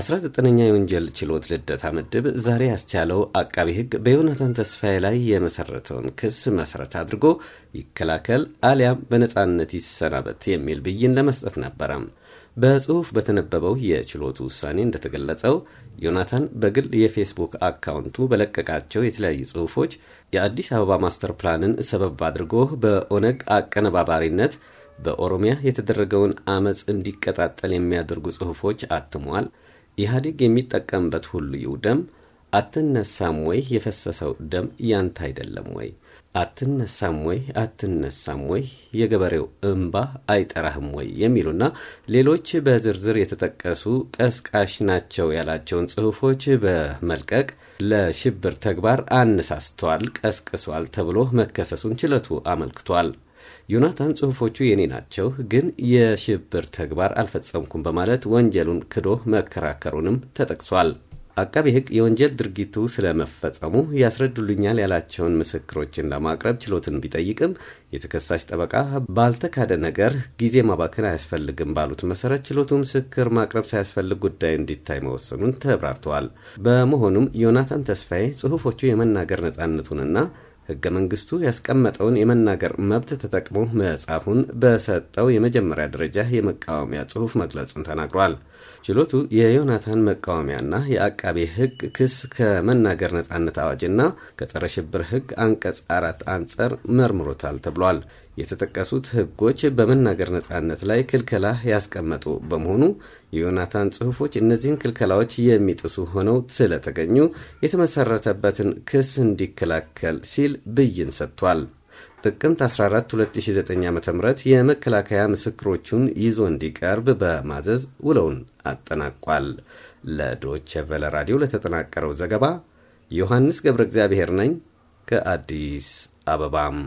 19ኛ የወንጀል ችሎት ልደታ ምድብ ዛሬ ያስቻለው አቃቢ ሕግ በዮናታን ተስፋዬ ላይ የመሰረተውን ክስ መሰረት አድርጎ ይከላከል አሊያም በነፃነት ይሰናበት የሚል ብይን ለመስጠት ነበረ። በጽሑፍ በተነበበው የችሎቱ ውሳኔ እንደተገለጸው ዮናታን በግል የፌስቡክ አካውንቱ በለቀቃቸው የተለያዩ ጽሑፎች የአዲስ አበባ ማስተር ፕላንን ሰበብ አድርጎ በኦነግ አቀነባባሪነት በኦሮሚያ የተደረገውን አመፅ እንዲቀጣጠል የሚያደርጉ ጽሑፎች አትሟል። ኢህአዴግ የሚጠቀምበት ሁሉ ይውደም። አትነሳም ወይ የፈሰሰው ደም ያንተ አይደለም ወይ? አትነሳም ወይ አትነሳም ወይ የገበሬው እምባ አይጠራህም ወይ? የሚሉና ሌሎች በዝርዝር የተጠቀሱ ቀስቃሽ ናቸው ያላቸውን ጽሑፎች በመልቀቅ ለሽብር ተግባር አነሳስቷል፣ ቀስቅሷል ተብሎ መከሰሱን ችሎቱ አመልክቷል። ዮናታን ጽሑፎቹ የኔ ናቸው፣ ግን የሽብር ተግባር አልፈጸምኩም በማለት ወንጀሉን ክዶ መከራከሩንም ተጠቅሷል። አቃቤ ሕግ የወንጀል ድርጊቱ ስለመፈጸሙ ያስረዱልኛል ያላቸውን ምስክሮችን ለማቅረብ ችሎትን ቢጠይቅም የተከሳሽ ጠበቃ ባልተካደ ነገር ጊዜ ማባከን አያስፈልግም ባሉት መሰረት ችሎቱ ምስክር ማቅረብ ሳያስፈልግ ጉዳይ እንዲታይ መወሰኑን ተብራርተዋል። በመሆኑም ዮናታን ተስፋዬ ጽሑፎቹ የመናገር ነፃነቱንና ሕገ መንግስቱ ያስቀመጠውን የመናገር መብት ተጠቅሞ መጻፉን በሰጠው የመጀመሪያ ደረጃ የመቃወሚያ ጽሑፍ መግለጹን ተናግሯል። ችሎቱ የዮናታን መቃወሚያና የአቃቤ ሕግ ክስ ከመናገር ነጻነት አዋጅና ከጸረ ሽብር ሕግ አንቀጽ አራት አንጻር መርምሮታል ተብሏል። የተጠቀሱት ህጎች በመናገር ነጻነት ላይ ክልከላ ያስቀመጡ በመሆኑ የዮናታን ጽሑፎች እነዚህን ክልከላዎች የሚጥሱ ሆነው ስለተገኙ የተመሰረተበትን ክስ እንዲከላከል ሲል ብይን ሰጥቷል። ጥቅምት 14 2009 ዓ ም የመከላከያ ምስክሮቹን ይዞ እንዲቀርብ በማዘዝ ውለውን አጠናቋል። ለዶች ቨለ ራዲዮ ለተጠናቀረው ዘገባ ዮሐንስ ገብረ እግዚአብሔር ነኝ ከአዲስ አበባም